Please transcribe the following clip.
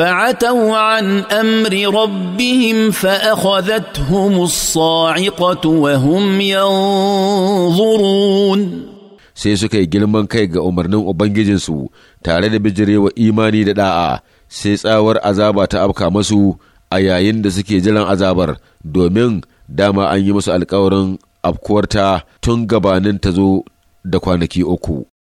فعتوا عن امر ربهم فاخذتهم الصاعقه وهم ينظرون sai suka yi girman kai ga umarnin ubangijinsu tare da bijirewa imani da da'a sai tsawar azaba ta afka masu a yayin da suke jiran azabar domin dama an yi musu alkawarin afkuwarta tun gabanin ta zo da kwanaki uku